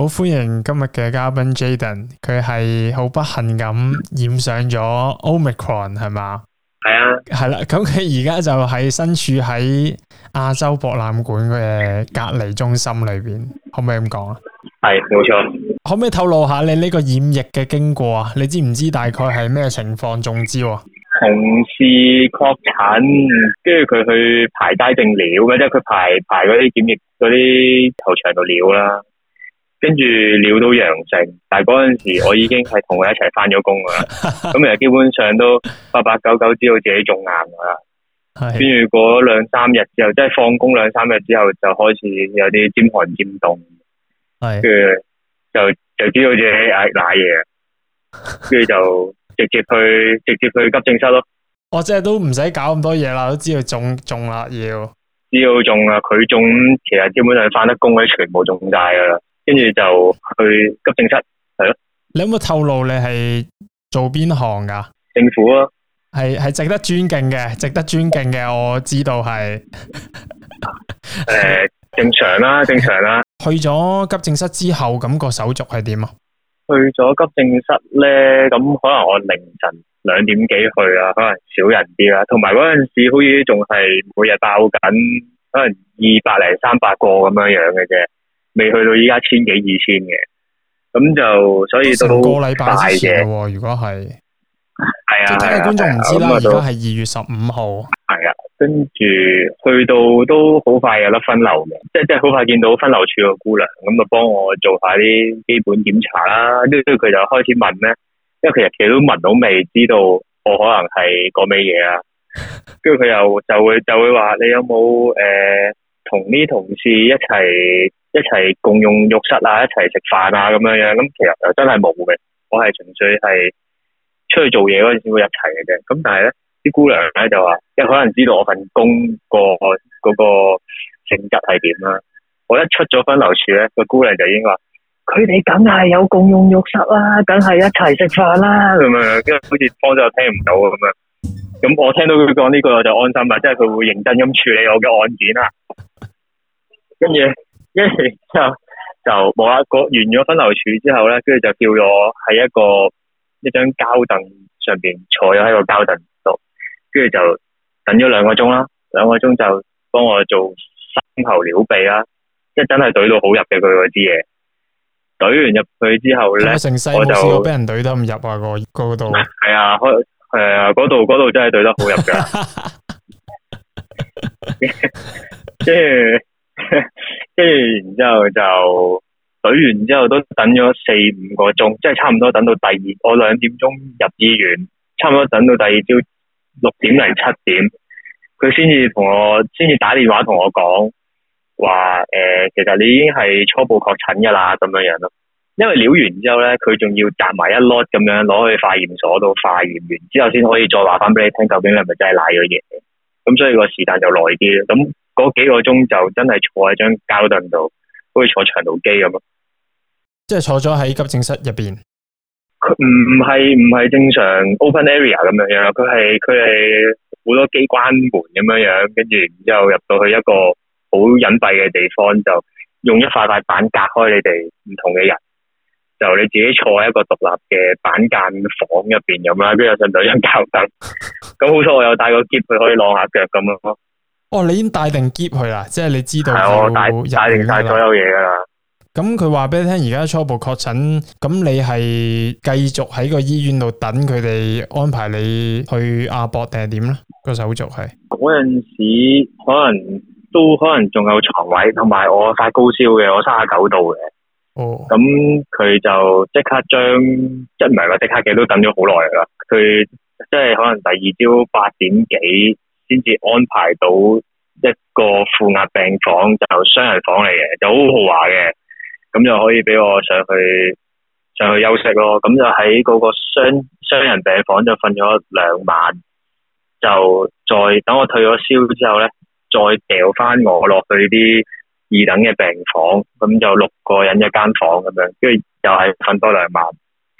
好歡迎今日嘅嘉賓 Jaden，佢係好不幸咁染上咗 Omicron 係嘛？係啊，係啦，咁佢而家就喺身處喺亞洲博覽館嘅隔離中心裏邊，可唔可以咁講啊？係，冇錯。可唔可以透露下你呢個染疫嘅經過啊？你知唔知大概係咩情況中招？同事確診，跟住佢去排低定料，即係佢排排嗰啲檢疫嗰啲球場度料啦。跟住撩到陽性，但係嗰陣時我已經係同佢一齊翻咗工啦，咁其實基本上都八八九九知道自己仲硬噶啦，跟住過咗兩三日之後，即係放工兩三日之後就開始有啲尖寒尖凍，跟住是就就知道自己瀨嘢，跟住就直接去直接去急症室咯。 我即係都唔使搞咁多嘢啦，都知道中中啦要，知道中啊！佢中，其實基本上翻得工嗰啲全部中晒噶啦。跟住就去急症室，係咯。你有冇透露你係做邊行噶政府啊，係，係值得尊敬嘅，值得尊敬嘅。我知道係，誒正常啦，正常啦。去咗急症室之後，咁個手續係點啊？去咗急症室咧，咁可能我凌晨兩點幾去啊，可能少人啲啦。同埋嗰陣時，好似仲係每日爆緊，可能二百零三百個咁樣樣嘅啫。未去到依家千幾二千嘅，咁就所以到個禮拜嘅。如果係，係啊，係啊，咁而家係二月十五號，係啊，跟住去到都好快有得分流嘅，即係即係好快見到分流處個姑娘，咁就幫我做下啲基本檢查啦。跟住佢就開始問咧，因為其實其實都問到未知道我可能係講咩嘢啊。跟住佢又就會就會話你有冇誒同啲同事一齊？一齊共用浴室啊，一齊食飯啊，咁樣樣，咁其實就真係冇嘅。我係純粹係出去做嘢嗰陣先會一齊嘅啫。咁但係咧，啲、那個、姑娘咧就話，即係可能知道我份工、那個嗰、那個性格係點啦。我一出咗分流處咧，那個姑娘就已經話，佢哋梗係有共用浴室啦，啊，梗係一齊食飯啦，咁樣樣。跟住好似方姐聽唔到啊，咁樣。咁我聽到佢講呢個，我就安心啦，即係佢會認真咁處理我嘅案件啦，啊。跟住。跟住之後就冇啦，個完咗分流處之後咧，跟住就叫咗喺一個一張膠凳上邊坐咗喺個膠凳度，跟住就等咗兩個鐘啦。兩個鐘就幫我做頭撩鼻啦，即係真係懟到好入嘅佢嗰啲嘢。懟完入去之後咧，我成世冇試過俾人懟得咁入啊！那個嗰度係啊，嗰度嗰度真係懟得好入噶，即係。跟住，然之後就懟完之後都等咗四五個鐘，即係差唔多等到第二，我兩點鐘入醫院，差唔多等到第二朝六點零七點，佢先至同我先至打電話同我講話，誒、呃，其實你已經係初步確診噶啦咁樣樣咯。因為尿完之後咧，佢仲要夾埋一粒咁樣攞去化驗所度化驗完之後，先可以再話翻俾你聽究竟你係咪真係瀨咗嘢。咁所以個時間就耐啲咁。嗰幾個鐘就真係坐喺張膠凳度，好似坐長途機咁咯。即係坐咗喺急症室入邊，佢唔係唔係正常 open area 咁樣樣，佢係佢係好多機關門咁樣樣，跟住然之後入到去一個好隱蔽嘅地方，就用一塊塊板隔開你哋唔同嘅人，就你自己坐喺一個獨立嘅板間房入邊咁啦，跟住上到一張膠凳。咁 好彩，我又帶個喼，佢可以晾下腳咁咯。哦，你已經帶定喼去啦，即係你知道要帶，帶定帶所有嘢噶啦。咁佢話俾你聽，而家初步確診，咁你係繼續喺個醫院度等佢哋安排你去阿博定係點咧？個手續係嗰陣時，可能都可能仲有床位，同埋我發高燒嘅，我三十九度嘅。哦。咁佢就即刻將，即唔係話即刻嘅，都等咗好耐噶啦。佢即係可能第二朝八點幾。先至安排到一個負壓病房，就雙人房嚟嘅，就好豪華嘅。咁就可以俾我上去上去休息咯。咁就喺嗰個雙雙人病房就瞓咗兩晚，就再等我退咗燒之後呢，再掉翻我落去啲二等嘅病房。咁就六個人一間房咁樣，跟住又係瞓多兩晚，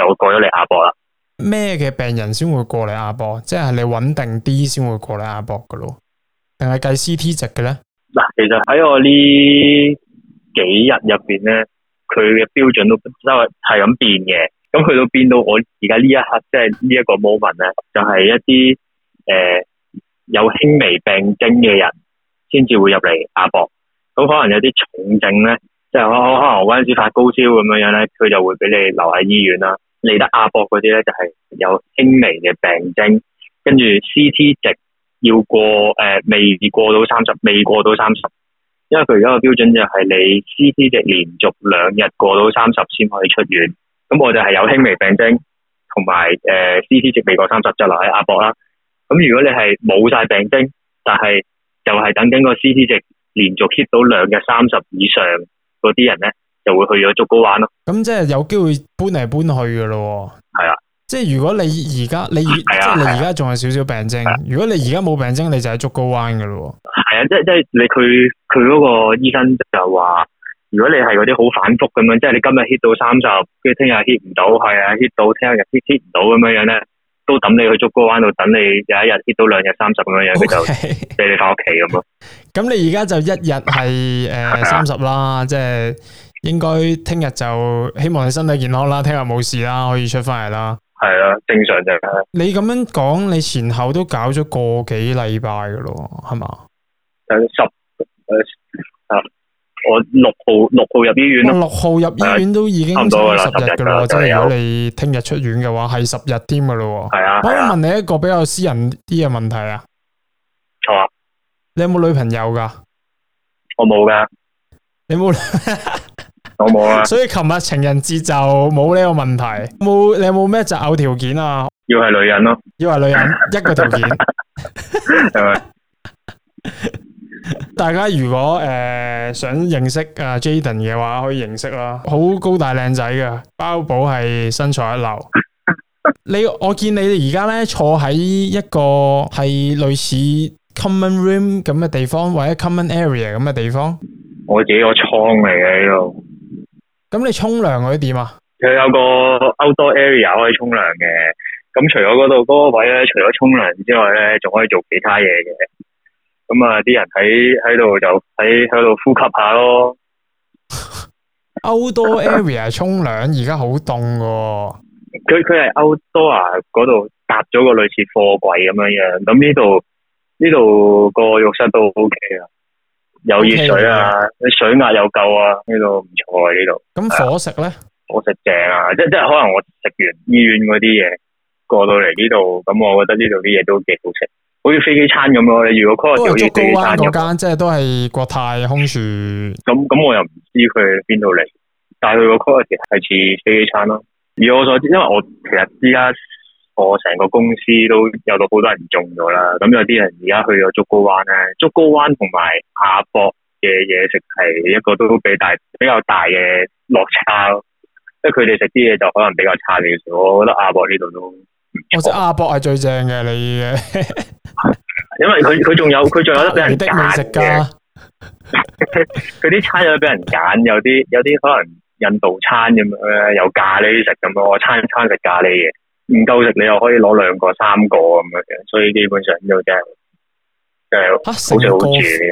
又過咗嚟下播啦。咩嘅病人先會過嚟阿博？即係你穩定啲先會過嚟阿博噶咯？定係計 CT 值嘅咧？嗱，其實喺我呢幾日入邊咧，佢嘅標準都都係咁變嘅。咁佢都變到我而家呢一刻，即係呢一個 moment 咧，就係、是、一啲誒、呃、有輕微病徵嘅人先至會入嚟阿博。咁可能有啲重症咧，即係可可能嗰陣時發高燒咁樣樣咧，佢就會俾你留喺醫院啦。嚟得阿博嗰啲咧，就係有輕微嘅病徵，跟住 C T 值要過誒未過到三十，未過到三十，因為佢而家個標準就係你 C T 值連續兩日過到三十先可以出院。咁我哋係有輕微病徵，同埋誒、呃、C T 值未過三十，就留喺阿博啦。咁如果你係冇晒病徵，但係就係等緊個 C T 值連續 hit 到兩日三十以上嗰啲人咧，就會去咗竹篙灣咯，咁、嗯、即係有機會搬嚟搬去噶咯。係啊，即係如果你而家你即係你而家仲有少少病徵，如果你而家冇病徵，你就喺竹篙灣噶咯。係啊，即係即係你佢佢嗰個醫生就話，如果你係嗰啲好反覆咁樣，即係你今日 hit 到三十，跟住聽日 hit 唔到，係啊 hit 到聽日 hit 唔到咁樣樣咧，都等你去竹篙灣度等你有一日 hit 到兩日三十咁樣樣，佢就俾你翻屋企咁咯。咁你而家就一日係誒三十啦，即係。應該聽日就希望你身體健康啦，聽日冇事啦，可以出翻嚟啦。係啦，正常就啫。你咁樣講，你前後都搞咗個幾禮拜噶咯，係嘛、嗯？十、呃、我六號六號入醫院六號入醫院的都已經差唔多十日噶啦，即係的如果你聽日出院嘅話，係十日添噶咯。係啊的，我想問你一個比較私人啲嘅問題啊。好啊。你有冇女朋友噶？我冇噶。你冇？啊、所以琴日情人節就冇呢個問題。冇，你有冇咩擇偶條件啊？要係女人咯，要係女人 一個條件。 大家如果誒、呃、想認識啊 Jaden 嘅話，可以認識啦。好高大靚仔嘅，包保係身材一流。 你我見你哋而家咧坐喺一個係類似 common room 咁嘅地方，或者 common area 咁嘅地方。我幾個倉嚟嘅呢度。咁你沖涼嗰啲點啊？佢有個 outdoor area 可以沖涼嘅，咁除咗嗰度嗰個位咧，除咗沖涼之外咧，仲可以做其他嘢嘅。咁啊，啲人喺喺度就喺喺度呼吸下咯。 outdoor area 沖涼，而家好凍。佢佢係 outdoor 度搭咗個類似貨櫃咁樣樣。咁呢度呢度個浴室都 OK 啊。有熱水啊，你 Okay. 水壓又夠啊，呢度唔錯啊，呢度。咁伙食咧？伙食正啊，即即係可能我食完醫院嗰啲嘢，過到嚟，呢度，咁我覺得呢度啲嘢都幾好食，好似飛機餐咁咯。你如果 call 住地灣嗰間，即係都係國泰空廚，咁咁我又唔知佢邊度嚟，但係佢個 call 其實係似飛機餐咯。而我所知，因為我其實依家。我成個公司都有到好多人中咗啦，咁有啲人而家去咗竹篙灣咧，竹篙灣同埋阿博嘅嘢食係一個都比大比較大嘅落差，即係佢哋食啲嘢就可能比較差少少。我覺得阿博呢度都，我覺得阿博係最正嘅你。 因為佢佢仲有佢仲有得俾人揀食嘅，佢啲 餐有得俾人揀，有啲有啲可能印度餐咁樣咧，有咖喱食咁樣，我餐餐食咖喱嘅。唔夠食，你又可以攞兩個、三個咁樣嘅，所以基本上就真係就吓食個，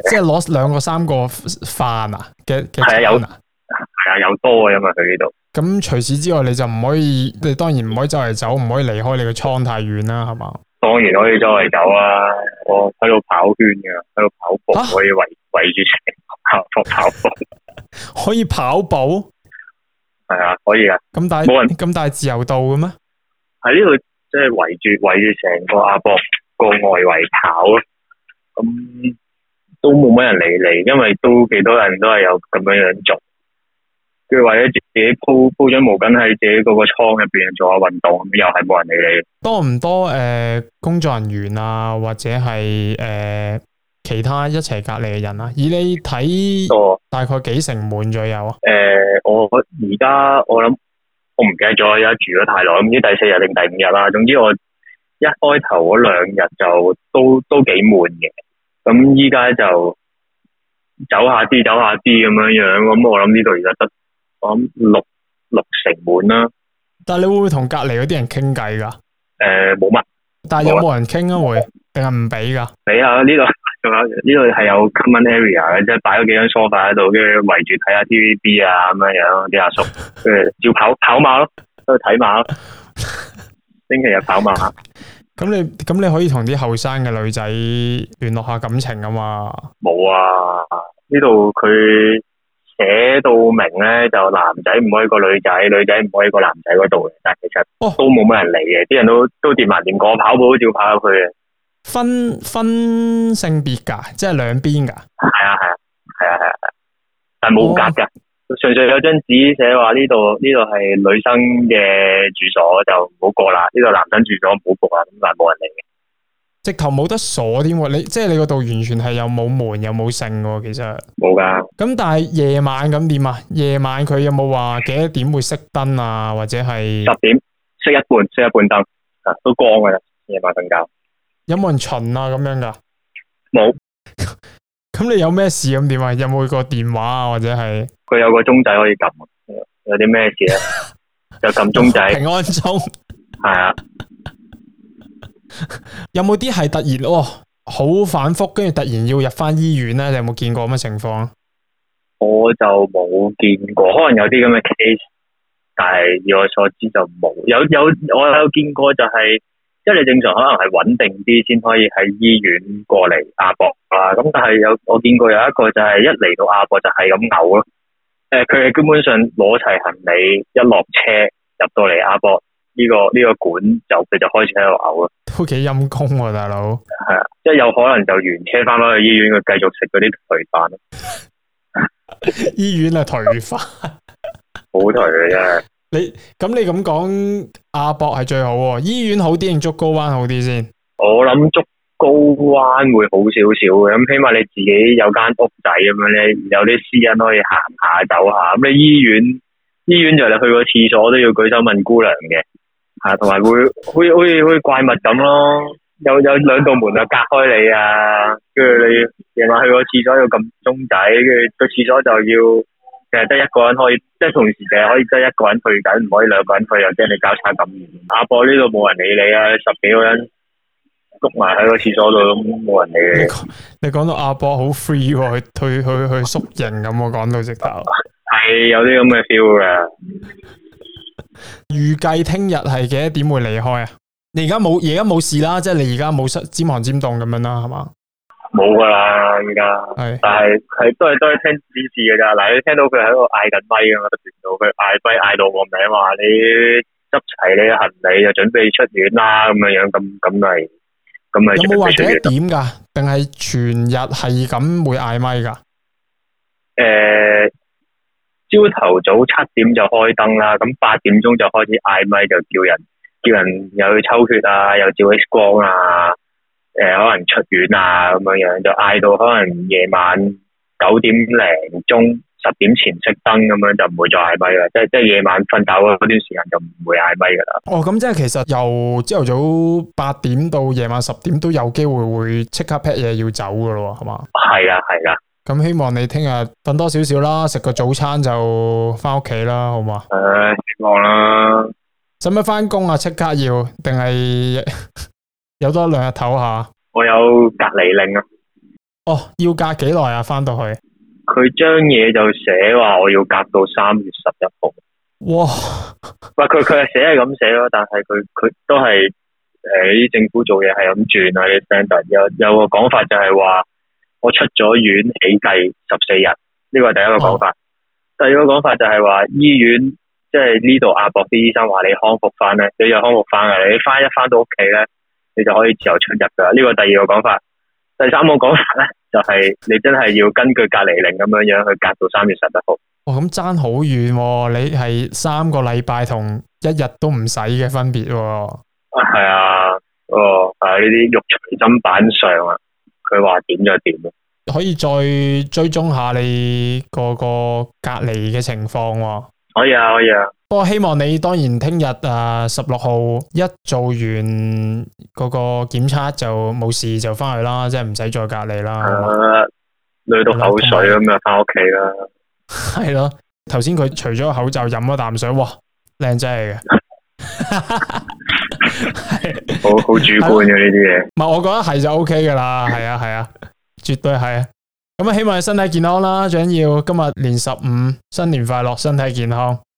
即係攞兩個、三個飯啊嘅係啊，啊有啊係啊有多啊嘛，佢呢度。咁除此之外，你就唔可以，你當然唔可以周圍走，唔可以離開你個倉太遠啦，係嘛？當然可以周圍走啊，我喺度跑圈噶、啊，喺度跑步可以圍圍住跑步，可以跑步係啊，可以噶。咁大冇人，咁大自由度嘅咩？喺呢度即係圍住圍住成個阿博個外圍跑咯，咁、嗯、都冇乜人理你，因為都幾多人都係有咁嘅樣做，跟住或者自己鋪鋪張毛巾喺自己嗰個倉入邊做下運動，又係冇人理你。多唔多誒、呃？工作人員啊，或者係誒、呃、其他一齊隔離嘅人啊？以你睇多大概幾成滿左右啊？誒、呃，我而家我諗。我唔記得咗，而家住咗太耐，唔知第四日定第五日啦。總之我一開頭嗰兩日就都都幾悶嘅，咁依家就走下啲，走下啲咁樣樣。咁我諗呢度而家得我諗六六成滿啦。但係你會唔會同隔籬嗰啲人傾偈噶？誒、呃，冇乜。但係有冇人傾啊？會定係唔俾噶？俾啊，呢度。呢度係有 common area，即係擺咗幾張梳化喺度，跟住圍住睇下 TVB 啊，咁樣樣啲阿叔，跟住照跑跑馬咯，去睇馬咯。星期日跑馬，咁、啊、你咁你可以同啲後生嘅女仔聯絡下感情啊嘛？冇啊，呢度佢寫到明咧，就男仔唔可以個女仔，女仔唔可以個男仔嗰度，但係其實都冇乜人理嘅，啲、哦、人都都掂埋掂過，跑步都照跑入去嘅。分分性別噶即係兩邊噶係啊係啊係啊係啊，啊。 但冇隔噶。純粹有張紙寫話呢度呢度係女生嘅住所，就唔好過啦。呢度男生住所唔好過啦，咁但係冇人嚟嘅。直頭冇得鎖添喎，你即係你嗰度完全係又冇門又冇性嘅，其實、哦。冇噶。咁但係夜晚咁點啊？夜晚佢有冇話幾多點會熄燈啊？或者係十點熄一半，熄一半燈啊，都光噶啦，夜晚瞓覺。有冇人巡啊？咁樣㗎冇。咁沒有 你有咩事咁點啊？有冇個電話啊？或者係佢有個鐘仔可以撳啊？有啲咩事啊？ 就撳鐘仔平安鐘係啊。有冇啲係突然哦？好反覆，跟住突然要入翻醫院咧？你有冇見過咁嘅情況？我就冇見過，可能有啲咁嘅 case，但係以我所知就冇。有有，有我有見過就係、是。即係你正常可能係穩定啲先可以喺醫院過嚟亞博啊，咁但係有我見過有一個就係一嚟到亞博就係咁嘔咯。誒、呃，佢係根本上攞齊行李一落車入到嚟亞博呢、呢個呢、呢個館就佢就開始喺度嘔咯。都幾陰功喎，大佬。係啊，即係有可能就完車翻到去醫院佢繼續食嗰啲頹飯咯。 醫院啊，頹 飯，好頹嘅真係。你咁你咁講，阿博係最好喎。醫院好啲定竹篙灣好啲先？我諗竹篙灣會好少少嘅，咁起碼你自己有間屋仔咁樣你有啲私隱可以行下走下。咁你醫院醫院就你去個廁所都要舉手問姑娘嘅，係同埋會好似好似怪物咁咯。有有兩道門啊，隔開你啊。跟住你夜晚去個廁所要撳鐘仔，跟住個廁所就要。就係得一個人可以，即係同時淨係可以，得一個人去緊，唔可以兩個人去又即係你搞叉感咁，阿波呢度冇人理你啊，十幾個人捉埋喺個廁所度都冇人理你。你講到阿波好 free，佢去佢佢宿營咁，我講到直頭係 有啲咁嘅 feel 嘅。 預計聽日係幾多點會離開啊？你而家冇，而家冇事啦，即係你而家冇出尖寒尖凍咁樣啦，係嘛？冇噶啦，依家，但係係都係都係聽指示嘅咋。嗱，你聽到佢喺度嗌緊咪咁啊，轉到佢嗌咪嗌到個名話，你執齊你嘅行李就準備出院啦咁樣樣，咁咁咪咁咪有冇話點㗎？定係全日係咁會嗌咪㗎？誒、呃，朝頭早七點就開燈啦，咁八點鐘就開始嗌咪，就叫人，叫人又去抽血啊，又照 X 光啊。誒、呃，可能出院啊，咁樣樣就嗌到可能夜晚九點零鐘、十點前熄燈咁樣，就唔會再嗌咪啦。即係即係夜晚瞓覺嗰段時間就唔會嗌咪噶啦。哦，咁即係其實由朝頭早八點到夜晚十點都有機會會即刻劈嘢要走噶咯，係嘛？係啊係啊。咁希望你聽日瞓多少少啦，食個早餐就翻屋企啦，好嘛？誒、呃，希望啦。使唔使翻工啊？即刻要定係？ 有得兩日唞下，我有隔離令啊。哦，要隔幾耐啊？翻到去佢將嘢就寫話我要隔到三月十一號。哇！唔係佢佢係寫係咁寫咯，但係佢佢都係誒、哎、政府做嘢係咁轉啊。你 f 有有個講法就係話我出咗院起計十四日，呢個係第一個講法，哦、第二個講法就係話醫院即係呢度阿博啲醫生話你康復翻咧，你又康復翻噶，你翻一翻到屋企咧。你就可以自由出入噶啦，呢個第二個講法。第三個講法咧，就是，就係你真係要根據隔離令咁樣樣去隔到三月十一號。哇，哦，咁爭好遠，啊，你係三個禮拜同一日都唔使嘅分別。啊，係啊，啊，哦，喺呢啲肉器砧板上啊，佢話點就點，啊？可以再追蹤下你嗰個隔離嘅情況，啊。可以啊，可以啊。不過希望你當然聽日啊，十六號一做完嗰個檢測就冇事就返去啦，即係唔使再隔離啦。累到口水咁就返屋企啦。係咯，頭先佢除咗口罩飲咗啖水，哇，靚仔嚟嘅。好好主觀嘅呢啲嘢。唔係，我覺得係就 O K 嘅啦。係啊，係啊，絕對係啊。咁啊，希望你身體健康啦。最緊要今日年十五，新年快樂，身體健康。